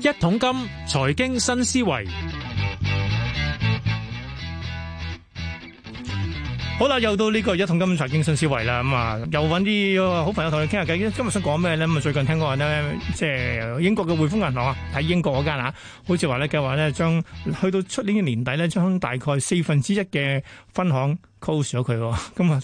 一桶金財經新思維，好啦，又到呢個一桶金財經新思維啦。咁啊，又揾啲好朋友同你傾下偈。今日想講咩呢？咁啊，最近聽講話呢，即係英國嘅滙豐銀行啊，喺英國嗰間啊，好似話呢，計劃呢，將去到出年嘅年底呢，將大概四分之一嘅分行。push 咗佢，咁啊，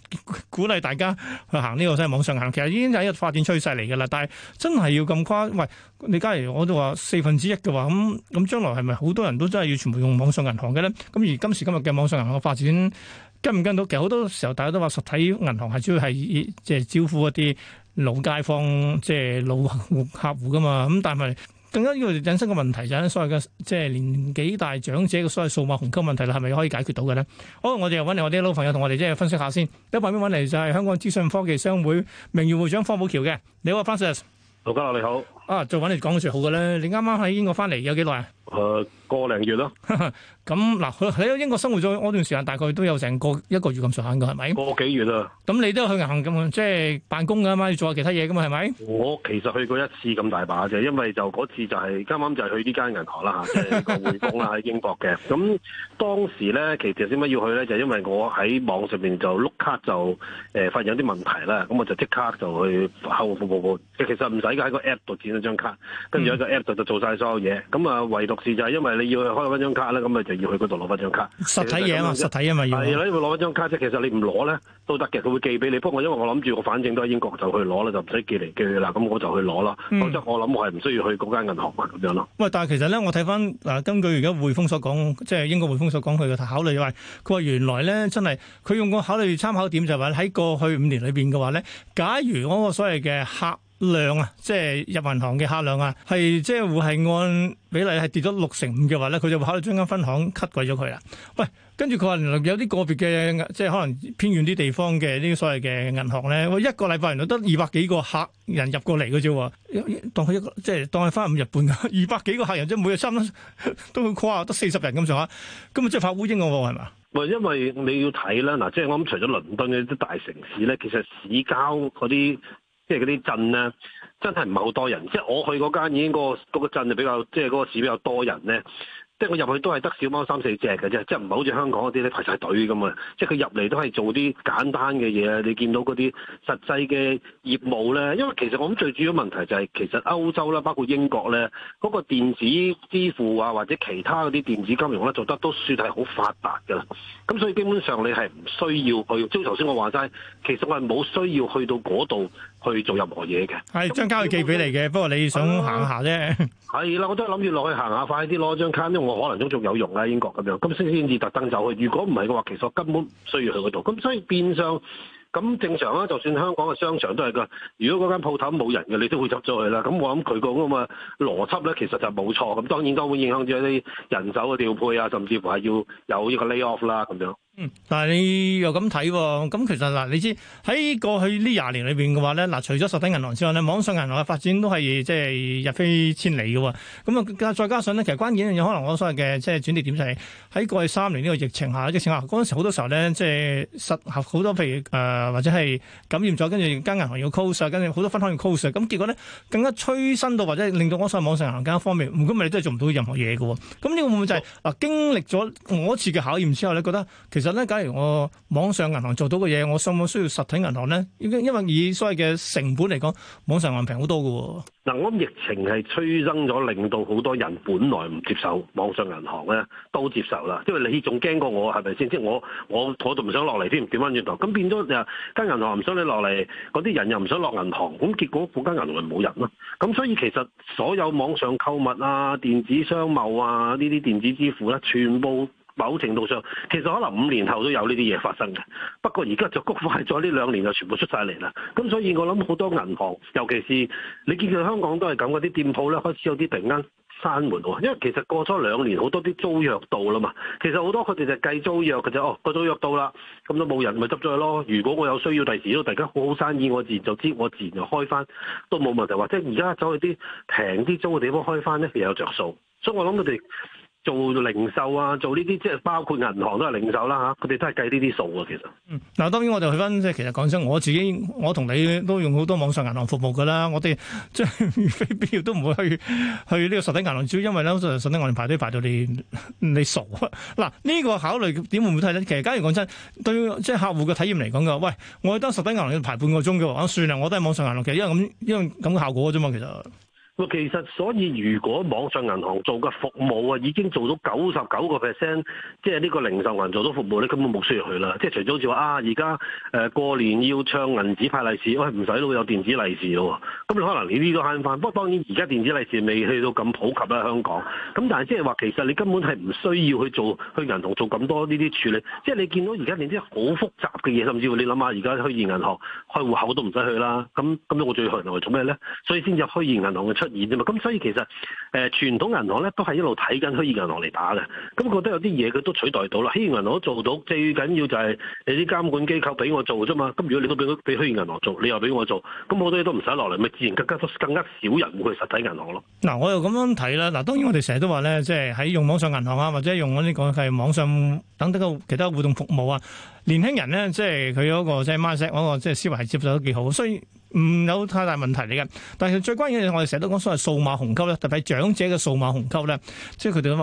鼓勵大家去行呢、這個喺網上行，其實已經係一個發展趨勢嚟嘅啦。但係真係要咁誇，喂，你假如我都話四分之一嘅話，咁、嗯、咁、嗯、將來係咪好多人都真係要全部用網上銀行嘅咧？咁、嗯、而今時今日嘅網上銀行嘅發展跟唔跟到？其實好多時候大家都話實體銀行係主要係即係招呼一啲老街坊，即、就、係、是、老客戶㗎嘛。咁、嗯、但係。更加要引申嘅問題就係所謂嘅即係年紀大長者嘅所謂數碼鴻溝問題啦，係咪可以解決到嘅咧？好，我哋又揾嚟我哋啲老朋友同我哋即係分析一下先。第一邊揾嚟就係香港資訊科技商會名譽會長方保僑嘅，你好，Francis。盧家華你好。啊！再揾你講句最好嘅咧，你啱啱喺英國翻嚟有幾耐啊？誒，個零月咯。咁嗱，喺英國生活咗嗰段時間，大概都有成個一個月咁上下嘅，係咪？個幾月啊？咁你都去銀行咁啊？即係辦公嘅嘛，要做下其他嘢嘅嘛，係咪？我其實去過一次咁大把啫，因為就嗰次就係啱啱就係去呢間銀行啦嚇，即係個匯豐啦喺英國嘅。咁當時咧，其實點解要去咧？就因為我喺網上邊就碌卡就誒發現有啲問題啦，咁我就即刻就去客戶服務部。其實唔使嘅喺個 APP 度轉。張卡，跟住喺個 app 度就做晒所有嘢。咁啊，唯獨是就係因為你要開翻張卡咧，咁啊就要去嗰度攞翻張卡。實體嘢啊，實體嘢咪要。係啦，因為攞翻張卡啫。其實你唔攞咧都得嘅，佢會寄俾你。不過因為我諗住我反正都喺英國就去攞啦，就唔使寄嚟寄去啦。咁我就去攞啦。否則我諗我係唔需要去嗰間銀行買咁樣咯。喂，但係其實咧，我睇翻嗱，根據而家匯豐所講，即係英國匯豐所講，佢嘅考慮就係佢話原來咧真係佢用個考慮參考點就係話喺過去五年裏邊嘅話咧，假如我個所謂嘅客。量啊，即係入銀行嘅客量啊，係即係會係按比例係跌咗六成五嘅話咧，佢就會考慮將間分行 cut 鬼咗佢啦。喂，跟住佢話有啲個別嘅即係可能偏遠啲地方嘅呢啲所謂嘅銀行咧，一個禮拜原來得二百幾個客人入過嚟嘅啫，當佢一個即係當佢翻五日半嘅二百幾個客人啫，每日三都佢誇得四十人咁上下，咁啊即係發烏蠅嘅喎，係嘛？唔係，因為你要睇啦，嗱、就是，即係我諗除咗倫敦嘅啲大城市咧，其實市郊嗰啲。即係嗰啲鎮咧，真係唔係好多人。即係我去嗰間已經嗰個嗰個鎮就比較，即係嗰個市比較多人咧。即係我入去都係得小貓三四隻嘅啫，即係唔係好似香港嗰啲咧排晒隊咁啊！即係佢入嚟都係做啲簡單嘅嘢。你見到嗰啲實際嘅業務咧，因為其實我諗最主要問題就係、是、其實歐洲啦，包括英國咧，嗰、那個電子支付啊，或者其他嗰啲電子金融咧，做得都算係好發達㗎啦。咁所以基本上你係唔需要去，即係頭先我話齋，其實我係冇需要去到嗰度去做任何嘢嘅。係張卡寄俾你嘅、嗯，不過你想行下啫。係啦，我都諗住落去行下，快啲攞張卡。可能都仲有用啦，英國咁樣，咁先先至特登走去。如果唔係嘅話，其實根本唔需要去嗰度。咁所以變相咁正常啦。就算香港嘅商場都係噶，如果嗰間鋪頭冇人嘅，你都會執咗佢啦。咁我諗佢個咁嘅邏輯咧，其實就冇錯。咁當然都會影響住啲人手嘅調配啊，甚至乎係要有呢個 lay off 啦咁樣。嗯，但係你又咁睇、哦，咁其實嗱，你知喺過去呢廿年裏邊嘅話咧，嗱，除咗實體銀行之外咧，網上銀行嘅發展都係即係日飛千里嘅，咁啊，再加上咧，其實關鍵一樣嘢，可能我所講嘅即係轉折點就係喺過去三年呢個疫情下，即情成日嗰陣時好多時候咧，即係實合好多，譬如誒、呃、或者係感染咗，跟住間銀行要 close 跟住好多分行要 close 咁結果咧更加催生到或者令到我所講網上銀行更加方便，如果唔係你真係做唔到任何嘢嘅，咁呢個會唔會就係、是、嗱、啊、經歷咗我一次嘅考驗之後咧，覺得其實咧，假如我網上銀行做到嘅嘢，我上網需要實體銀行咧，因為以所謂嘅成本嚟講，網上銀行平好多噶。嗱，我諗疫情係催生咗，令到好多人本來唔接受網上銀行咧，都接受啦。因為你仲驚過我係咪先？即係我我我就唔想落嚟添。調翻轉頭，咁變咗就間銀行唔想你落嚟，嗰啲人又唔想落銀行，咁結果嗰間銀行咪冇人咯。咁所以其實所有網上購物啊、電子商貿啊呢啲電子支付咧、啊，全部。某程度上，其實可能五年後都有呢啲嘢發生嘅。不過而家就谷埋咗呢兩年，就全部出晒嚟啦。咁所以我諗好多銀行，尤其是你見佢香港都係咁，嗰啲店鋪咧開始有啲突然間閂門喎。因為其實過咗兩年，好多啲租約到啦嘛。其實好多佢哋就計租約嘅啫。哦，個租約到啦，咁都冇人，咪執咗佢咯。如果我有需要，第時都大家好好生意，我自然就知，我自然就開翻都冇問題。或者而家走去啲平啲租嘅地方開翻咧，又有着數。所以我諗佢哋。做零售啊，做呢啲即係包括銀行都係零售啦、啊、嚇，佢哋都係計呢啲數啊。其實。嗱、嗯、當然我就去翻即係其實講真，我自己我同你都用好多網上銀行服務噶啦，我哋即係非必要都唔會去去呢個實體銀行，主要因為咧實實體銀行排隊排到你你傻。嗱、嗯、呢、這個考慮點會唔會睇咧？其實假如講真對即係客戶嘅體驗嚟講嘅，喂，我喺得實體銀行要排半個鐘嘅話，算啦，我都係網上銀行，嘅，因為咁因為咁嘅效果啫嘛，其實。其實所以如果網上銀行做嘅服務啊，已經做到九十九個 percent，即係呢個零售銀行做到服務，你根本冇需要去啦。即係除咗好似話啊，而家誒過年要唱銀紙派利是，喂，唔使咯，有電子利是咯。咁你可能呢啲都慳翻。不過當然而家電子利是未去到咁普及啦，香港。咁但係即係話其實你根本係唔需要去做去銀行做咁多呢啲處理。即係你見到而家連啲好複雜嘅嘢，甚至乎你諗下而家虛擬銀行開戶口都唔使去啦。咁咁我最去銀行做咩咧？所以先入虛擬銀行嘅。出現啫嘛，咁所以其實誒、呃、傳統銀行咧都係一路睇緊虛擬銀行嚟打嘅，咁覺得有啲嘢佢都取代到啦。虛擬銀行都做到，最緊要就係你啲監管機構俾我做啫嘛。咁如果你都俾俾虛擬銀行做，你又俾我做，咁好多嘢都唔使落嚟，咪自然更加更加少人會去實體銀行咯。嗱，我又咁樣睇啦。嗱，當然我哋成日都話咧，即係喺用網上銀行啊，或者用呢個係係網上等等嘅其他互動服務啊，年輕人咧，即係佢嗰個即係 mindset 嗰個即係思維接受得幾好，所以。唔、嗯、有太大問題嚟嘅，但係最關鍵嘅，我哋成日都講所謂數碼鴻溝咧，特別長者嘅數碼鴻溝咧，即係佢哋話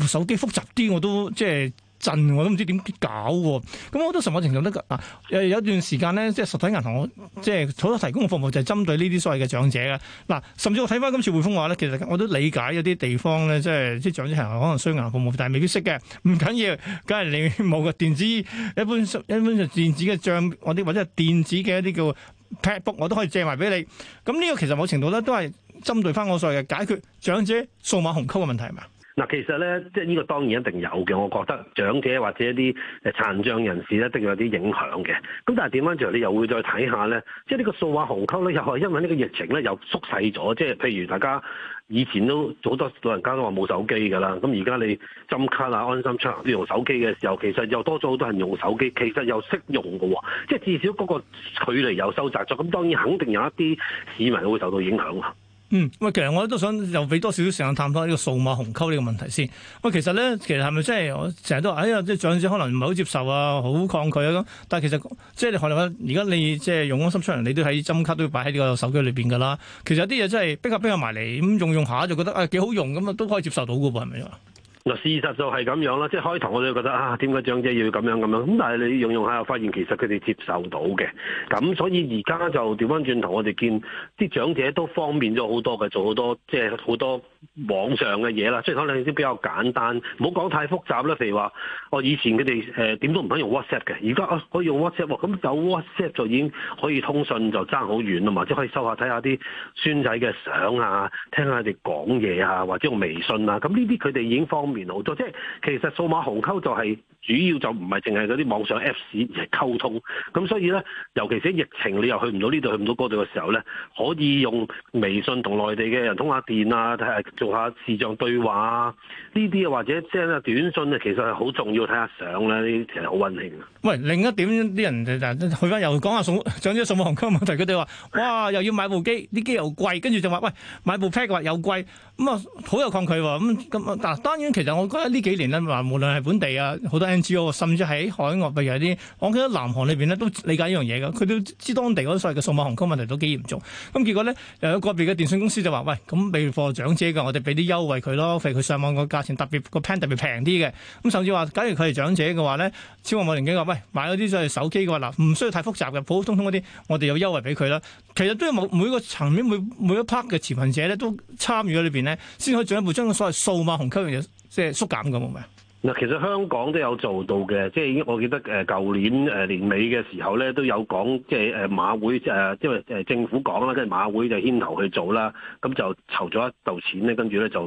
喂，手機複雜啲，我都即係震，我都唔知點搞喎。咁、嗯、我都實話實講，都嗱有有段時間咧，即係實體銀行即係所提供嘅服務就係針對呢啲所謂嘅長者嘅。嗱、啊，甚至我睇翻今次匯豐話咧，其實我都理解有啲地方咧，即係啲長者行可能需要銀行服務，但係未必識嘅，唔緊要，梗係你冇個電子一般一般就電子嘅帳嗰啲或者係電子嘅一啲叫。Pad book 我都可以借埋俾你，咁呢個其實某程度咧都係針對翻我所謂嘅解決長者數碼鴻溝嘅問題，係咪？嗱，其實咧，即係呢個當然一定有嘅。我覺得長者或者一啲誒殘障人士咧，一定有啲影響嘅。咁但係點翻轉，你又會再睇下咧，即係呢個數碼鴻溝咧，又係因為呢個疫情咧，又縮細咗。即係譬如大家以前都好多老人家都話冇手機㗎啦，咁而家你針卡啊、安心出行要用手機嘅時候，其實又多咗好多人用手機，其實又識用㗎喎。即係至少嗰個距離又收窄咗。咁當然肯定有一啲市民會受到影響啊！嗯，喂，其實我都想又俾多少少時間探討呢個數碼鴻溝呢個問題先。喂，其實咧，其實係咪真係我成日都話，哎呀，啲長者可能唔係好接受啊，好抗拒啊。但係其實即係、就是、你可能而家你即係用安心出行，你都喺針卡都要擺喺呢個手機裏邊噶啦。其實有啲嘢真係逼下逼下埋嚟，咁用用下就覺得啊，哎，幾好用咁啊，都可以接受到噶噃，係咪啊？嗱，事實就係咁樣啦，即係開頭我哋覺得啊，點解長者要咁樣咁樣？咁但係你用用下，又發現其實佢哋接受到嘅，咁所以而家就調翻轉頭，我哋見啲長者都方便咗好多嘅，做好多即係好多。就是網上嘅嘢啦，即係可能啲比較簡單，唔好講太複雜啦。譬如話，我以前佢哋誒點都唔肯用 WhatsApp 嘅，而家啊可以用 WhatsApp 喎。咁、哦、有 WhatsApp 就已經可以通訊，就爭好遠啦嘛。即係可以收下睇下啲孫仔嘅相啊，聽下佢哋講嘢啊，或者用微信啊。咁呢啲佢哋已經方便好多。即係其實數碼鴻溝就係、是。主要就唔係淨係嗰啲網上 Apps 而係溝通，咁所以咧，尤其是疫情，你又去唔到呢度，去唔到嗰度嘅時候咧，可以用微信同內地嘅人通下電啊，睇下做下視像對話啊，呢啲啊或者即係短信啊，其實係好重要，睇下相咧，呢啲其實好溫馨。喂，另一點啲人去翻又講下送長者送航空問題，佢哋話：，哇，又要買部機，啲機又貴，跟住就話：，喂，買部 Pad 話又貴，咁啊好有抗拒喎。咁咁啊嗱，當然其實我覺得呢幾年咧話，無論係本地啊，好多。甚至喺海外，譬如有啲，我記得南韓裏邊咧都理解呢樣嘢嘅，佢都知道當地嗰所謂嘅數碼鴻溝問題都幾嚴重。咁結果咧，又有個別嘅電信公司就話：，喂，咁未嚟貨長者嘅，我哋俾啲優惠佢咯，譬如佢上網個價錢特別個 plan 特別平啲嘅。咁甚至話，假如佢係長者嘅話咧，超過某年紀話：，喂，買嗰啲所謂手機嘅話，嗱，唔需要太複雜嘅，普普通通嗰啲，我哋有優惠俾佢啦。其實都要每每個層面每每一 part 嘅持份者咧，都參與喺裏邊咧，先可以進一步將所謂數碼鴻溝嘅嘢即係縮減嘅，冇咩？嗱，其實香港都有做到嘅，即係已經我記得誒舊年誒年尾嘅時候咧，都有講，即係誒馬會誒，即係政府講啦，跟住馬會就牽頭去做啦，咁就籌咗一嚿錢咧，跟住咧就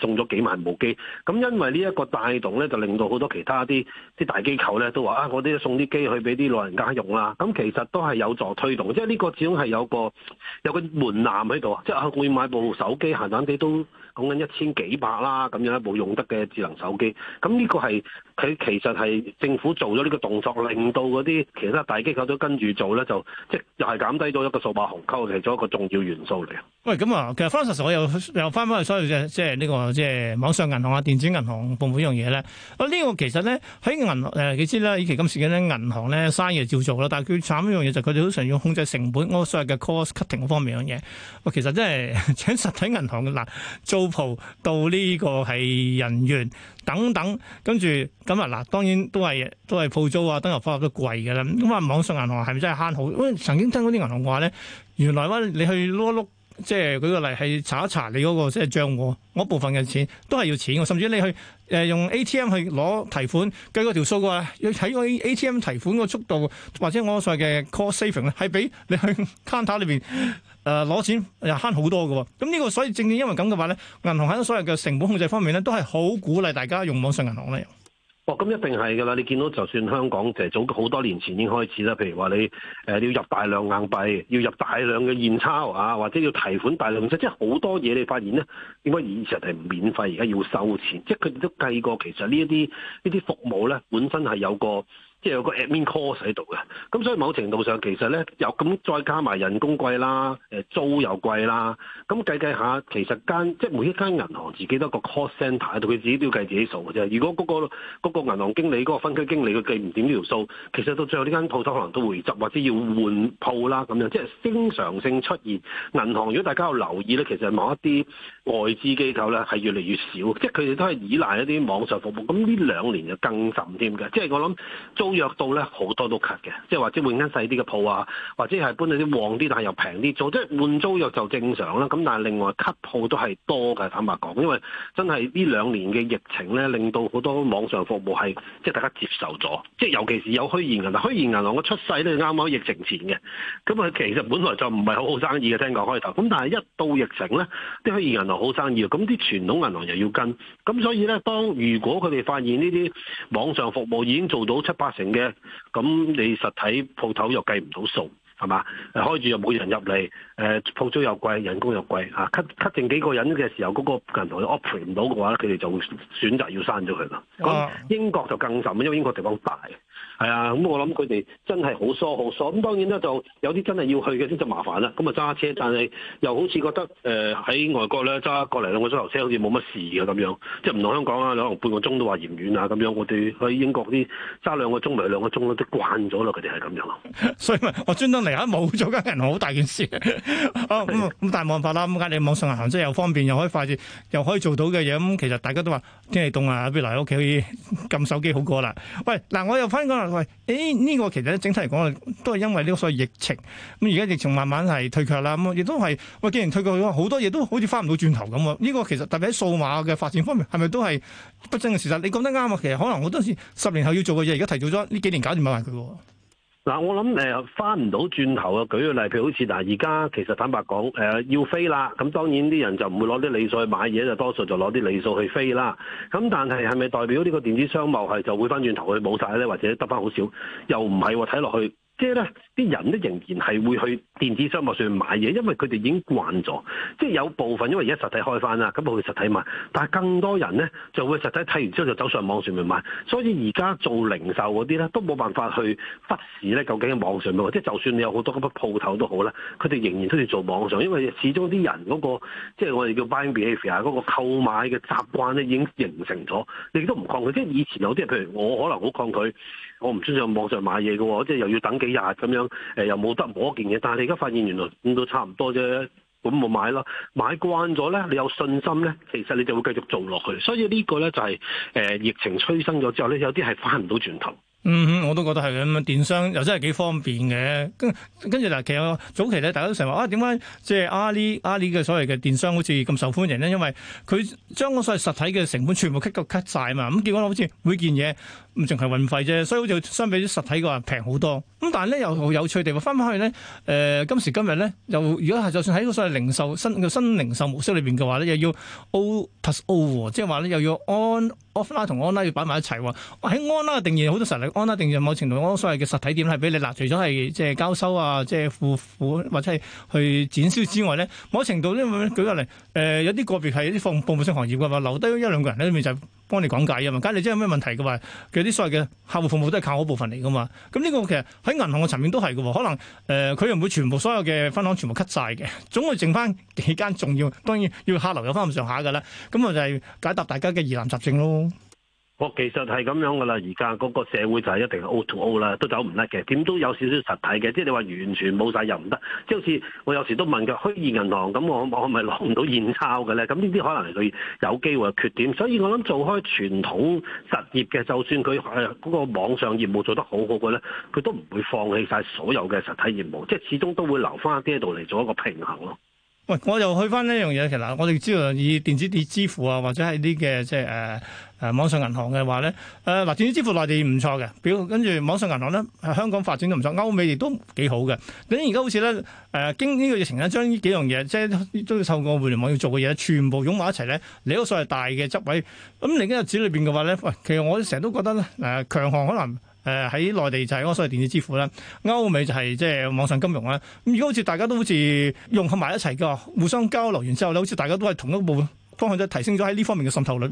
送咗幾萬部機，咁因為呢一個帶動咧，就令到好多其他啲啲大機構咧都話啊，我哋送啲機去俾啲老人家用啦，咁其實都係有助推動，即係呢個始終係有個有個門檻喺度，即係會買部手機，閒閒哋都講緊一千幾百啦，咁樣一部用得嘅智能手機。咁呢個係佢其實係政府做咗呢個動作，令到嗰啲其他大機構都跟住做咧，就即係又係減低咗一個數碼鴻溝其中一個重要元素嚟。喂，咁啊，其實 Francis 我又又翻翻去所有嘅即係呢個即係、即係呢個即係、網上銀行啊、電子銀行部門一樣嘢咧。啊，呢個其實咧喺銀誒，你知啦，以前咁時嘅咧，銀行咧生意就照做啦，但係佢慘一樣嘢就佢哋好想要控制成本，我所謂嘅 cost cutting 嗰方面嘅嘢。啊，其實真係請實體銀行嗱租鋪到呢個係人員等等。跟住咁啊嗱，當然都係都係鋪租啊、燈油火蠟都貴嘅啦。咁啊，網上銀行係咪真係慳好？因為曾經聽嗰啲銀行話咧，原來咧你去碌一碌，即係舉個例係查一查你嗰個即係賬戶，我部分嘅錢都係要錢。甚至你去、呃、用 ATM 去攞提款，計個條數嘅話，要睇個 ATM 提款嘅速度，或者我所謂嘅 call saving 咧，係畀你去 counter 裏邊。誒、啊，攞錢又慳好多㗎，咁呢個所以正正因為咁嘅話咧，銀行喺所有嘅成本控制方面咧，都係好鼓勵大家用網上銀行嚟，哦，咁一定係噶啦，你見到就算香港提早好多年前已經開始啦，譬如話你誒、呃、要入大量硬幣，要入大量嘅現鈔啊，或者要提款大量，即係好多嘢，你發現咧，點解以前係免費，而家要收錢？即係佢哋都計過，其實呢一啲呢啲服務咧，本身係有個。即係有個 admin cost 喺度嘅，咁所以某程度上其實咧又咁再加埋人工貴啦，誒租又貴啦，咁計計下其實間即係每一間銀行自己都有個 call centre 喺度，佢自己都要計自己數嘅啫。如果嗰個嗰個銀行經理嗰個分區經理佢計唔掂呢條數，其實到最後呢間鋪頭可能都會回執或者要換鋪啦咁樣，即係經常性出現銀行。如果大家有留意咧，其實某一啲外資機構咧係越嚟越少，即係佢哋都係依賴一啲網上服務。咁呢兩年就更甚添嘅，即係我諗租約到咧好多都 cut 嘅，即係或者換間細啲嘅鋪啊，或者係搬去啲旺啲但係又平啲做，即係換租約就正常啦。咁但係另外 cut 鋪都係多嘅坦白講，因為真係呢兩年嘅疫情咧，令到好多網上服務係即係大家接受咗，即係尤其是有虛擬銀行，虛擬銀行嘅出世咧啱啱疫情前嘅，咁啊其實本來就唔係好好生意嘅，聽講開頭。咁但係一到疫情咧，啲虛擬銀行好生意，咁啲傳統銀行又要跟，咁所以咧，當如果佢哋發現呢啲網上服務已經做到七八成嘅，咁你實體鋪頭又計唔到數。係嘛？誒開住又冇人入嚟，誒鋪租又貴，人工又貴嚇。吸、啊、吸剩幾個人嘅時候，嗰、那個銀行又 operate 唔到嘅話佢哋就會選擇要刪咗佢啦。Uh, 英國就更甚，因為英國地方大，係啊。咁、嗯、我諗佢哋真係好疏，好疏。咁、嗯、當然咧，就有啲真係要去嘅先就麻煩啦。咁啊揸車，但係又好似覺得誒喺、呃、外國咧揸過嚟兩個鐘頭車，好似冇乜事嘅咁樣，即係唔同香港啊，可能半個鐘都話嫌遠啊咁樣。我哋去英國啲揸兩個鐘咪兩個鐘都慣咗啦。佢哋係咁樣，所以我專登。家冇咗間銀行，好大件事咁 咁、哦嗯，但冇辦法啦。咁解你網上銀行真又方便，又可以快捷，又可以做到嘅嘢。咁、嗯、其實大家都話天氣凍啊，不如留喺屋企可以撳手機好過啦。喂，嗱，我又翻講啦。喂，誒、欸、呢、這個其實整體嚟講，都係因為呢個所謂疫情。咁而家疫情慢慢係退卻啦。咁、嗯、亦都係喂，既然退卻咗，好多嘢都好似翻唔到轉頭咁。呢、這個其實特別喺數碼嘅發展方面，係咪都係不爭嘅事實？你講得啱啊！其實可能好多時十年後要做嘅嘢，而家提早咗呢幾年搞掂埋佢喎。嗱、啊，我諗誒，返唔到轉頭啊！舉個例，譬如好似嗱，而家其實坦白講、呃，要飛啦，咁當然啲人就唔會攞啲里數去買嘢，就多數就攞啲里數去飛啦。咁但係係咪代表呢個電子商貿係就會返轉頭去冇晒咧，或者得返好少？又唔係喎，睇落去。即係咧，啲人咧仍然係會去電子商務上面買嘢，因為佢哋已經慣咗。即係有部分因為而家實體開翻啦，咁啊去實體買，但係更多人咧就會實體睇完之後就走上網上面買。所以而家做零售嗰啲咧都冇辦法去忽視咧究竟喺網上面，即係就算你有好多咁嘅鋪頭都好啦，佢哋仍然都要做網上，因為始終啲人嗰個即係我哋叫 buying behaviour 嗰個購買嘅習慣咧已經形成咗，你都唔抗拒。即係以前有啲人，譬如我可能好抗拒。我唔中意上網上買嘢嘅，即係又要等幾日咁樣，誒又冇得摸一件嘢。但係你而家發現原來咁都差唔多啫，咁咪買咯，買慣咗咧，你有信心咧，其實你就會繼續做落去。所以呢個咧就係誒疫情催生咗之後咧，有啲係翻唔到轉頭。嗯哼，我都覺得係咁樣，電商又真係幾方便嘅。跟跟住嗱，其實早期咧，大家都成日話啊，點解即係阿里阿里嘅所謂嘅電商好似咁受歡迎咧？因為佢將嗰所謂實體嘅成本全部 cut 到 cut 曬嘛。咁結果好似每件嘢唔淨係運費啫，所以好似相比於實體嘅話平好多。咁但係咧又有趣地話，翻返去咧誒今時今日咧，又如果係就算喺個所謂零售新嘅新零售模式裏邊嘅話咧，又要 O plus O 即係話咧又要 on offline 同 online 要擺埋一齊喎。喺 online 定義好多實力。安啦，定就某程度我所謂嘅實體店咧，係俾你剔除咗係即係交收啊，即係付款或者係去展銷之外咧，某程度咧，舉個例，有啲個別係一啲服務性行業嘅話，留低一兩個人喺裏面就幫你講解啊嘛，假如真係有咩問題嘅話，佢啲所謂嘅客戶服務都係靠嗰部分嚟嘅嘛。咁呢個其實喺銀行嘅層面都係嘅，可能誒佢又唔會全部所有嘅分行全部 cut 曬嘅，總會剩翻幾間重要，當然要客流有翻咁上下嘅啦。咁啊就係解答大家嘅疑難雜症咯。我、哦、其實係咁樣噶啦，而家嗰個社會就係一定係 O to O 啦，都走唔甩嘅。點都有少少實體嘅，即係你話完全冇曬又唔得。即係好似我有時都問佢虛擬銀行，咁我我係咪攞唔到現鈔嘅咧？咁呢啲可能係佢有機會嘅缺點。所以我諗做開傳統實業嘅，就算佢嗰個網上業務做得好好嘅咧，佢都唔會放棄晒所有嘅實體業務，即係始終都會留翻一啲喺度嚟做一個平衡咯。喂，我又去翻呢樣嘢。其實我哋知道以電子電支付啊，或者係啲嘅即係誒網上銀行嘅話咧，誒、呃、嗱，電子支付內地唔錯嘅，表跟住網上銀行咧，香港發展都唔錯，歐美亦都幾好嘅。咁而家好似咧誒經呢個疫情咧，將呢幾樣嘢即係都要透過互聯網要做嘅嘢，全部湧埋一齊咧，你嗰所謂大嘅執位咁另一日子裏面嘅話咧，喂、呃，其實我成日都覺得誒、呃、強項可能。誒喺內地就係嗰個所謂電子支付啦，歐美就係即係網上金融啦。咁如果好似大家都好似融合埋一齊㗎，互相交流完之後咧，好似大家都係同一部方向都提升咗喺呢方面嘅滲透率。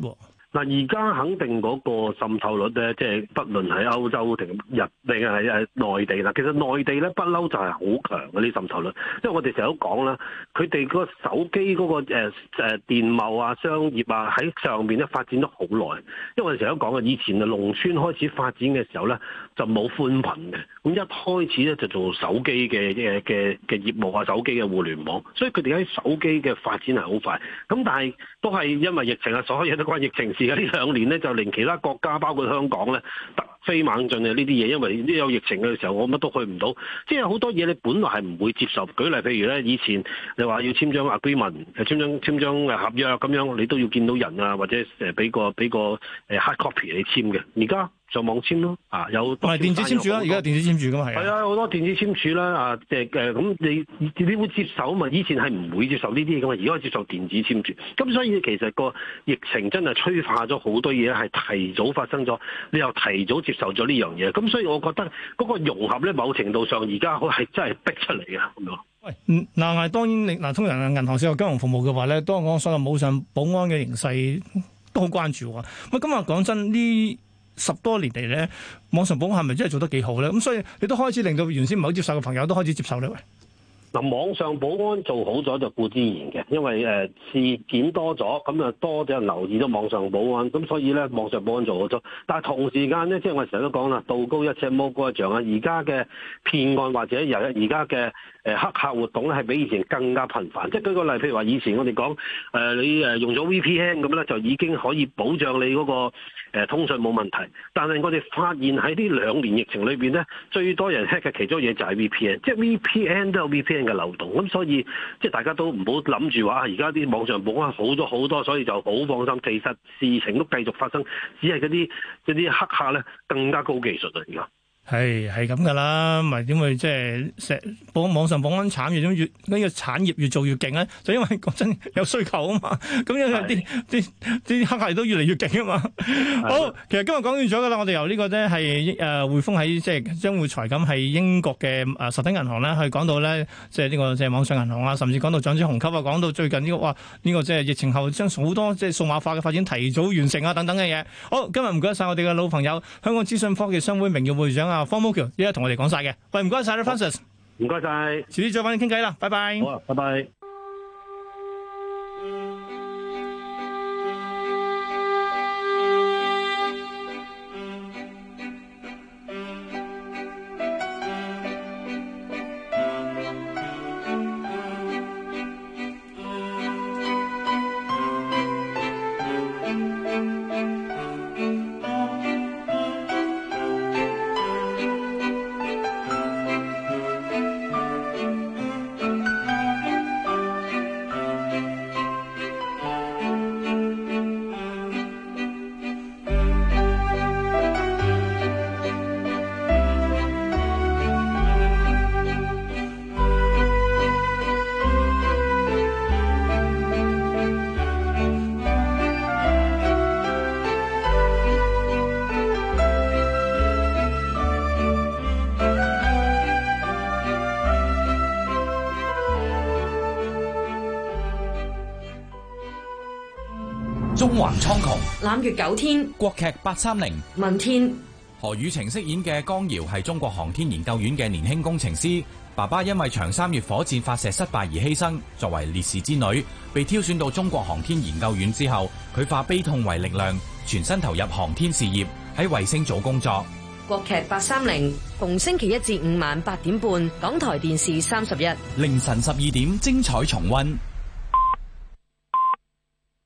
嗱而家肯定嗰個滲透率咧，即係不論喺歐洲定日定係喺內地啦。其實內地咧不嬲就係好強嗰啲滲透率，因為我哋成日都講啦，佢哋個手機嗰個誒誒電貿啊、商業啊喺上邊咧發展得好耐。因為我哋成日都講嘅以前啊農村開始發展嘅時候咧就冇寬頻嘅，咁一開始咧就做手機嘅嘅嘅業務啊、手機嘅互聯網，所以佢哋喺手機嘅發展係好快。咁但係都係因為疫情啊，所有嘢都關疫情事。而家呢兩年咧，就令其他國家包括香港咧突飛猛進啊！呢啲嘢，因為有疫情嘅時候，我乜都去唔到，即係好多嘢你本來係唔會接受。舉例譬如咧，以前你話要簽張 agreement，簽張簽張誒合約咁樣，你都要見到人啊，或者誒俾個俾個 hard copy 你簽嘅。而家上網簽咯，啊有唔係電子簽署啦，而家電子簽署噶嘛係啊，係好多電子簽署啦，啊即係誒咁你你會接受嘛？以前係唔會接受呢啲嘅嘛，而家接受電子簽署。咁所以其實個疫情真係催化咗好多嘢，係提早發生咗，你又提早接受咗呢樣嘢。咁所以我覺得嗰個融合咧，某程度上而家好係真係逼出嚟嘅咁樣。喂，嗱，當然你嗱，通常銀行嘅金融服務嘅話咧，當然我講所有網上保安嘅形勢都好關注喎。咁啊講真呢？十多年嚟咧，網上保安係咪真係做得幾好咧？咁所以你都開始令到原先唔係好接受嘅朋友都開始接受咧。喂，嗱，網上保安做好咗就固之然嘅，因為誒事件多咗，咁啊多啲人留意咗網上保安，咁所以咧網上保安做好咗。但係同時間咧，即係我哋成日都講啦，道高一尺，魔高一丈啊！而家嘅騙案或者由而家嘅。誒黑客活動咧係比以前更加頻繁，即係舉個例，譬如話以前我哋講誒你誒用咗 VPN 咁咧，就已經可以保障你嗰個通訊冇問題。但係我哋發現喺呢兩年疫情裏面，咧，最多人 hack 嘅其中一樣嘢就係 VPN，即係 VPN 都有 VPN 嘅漏洞。咁所以即係大家都唔好諗住話而家啲網上保安好咗好多，所以就好放心。其實事情都繼續發生，只係嗰啲啲黑客咧更加高技術啊，而家。係係咁噶啦，咪點會即係成網網上保安產業咁越呢、這個產業越做越勁咧？就因為講真有需求啊嘛，咁樣啲啲啲黑客都越嚟越勁啊嘛！ 好，其實今日講完咗噶啦，我哋由呢個咧係誒匯豐喺即係將會裁減係英國嘅誒、呃、實體銀行咧，去講到咧即係呢、這個即係網上銀行啊，甚至講到長子紅級啊，講到最近呢、這個哇呢、這個即係疫情後將好多即係數碼化嘅發展提早完成啊等等嘅嘢。好，今日唔該晒我哋嘅老朋友香港資訊科技商會名譽會長啊！啊，方保僑依家同我哋講晒嘅，喂，唔該晒啦，Francis，唔該晒，遲啲再搵你傾偈啦，拜拜，好啦、啊、拜拜。中縱橫蒼穹，攬月九天。國劇八三零，問天。何雨晴飾演嘅江瑤係中國航天研究院嘅年輕工程師，爸爸因為長三月火箭發射失敗而犧牲。作為烈士之女，被挑選到中國航天研究院之後，佢化悲痛為力量，全身投入航天事業，喺衛星組工作。國劇八三零，逢星期一至五晚八點半，港台電視三十一，凌晨十二點精彩重溫。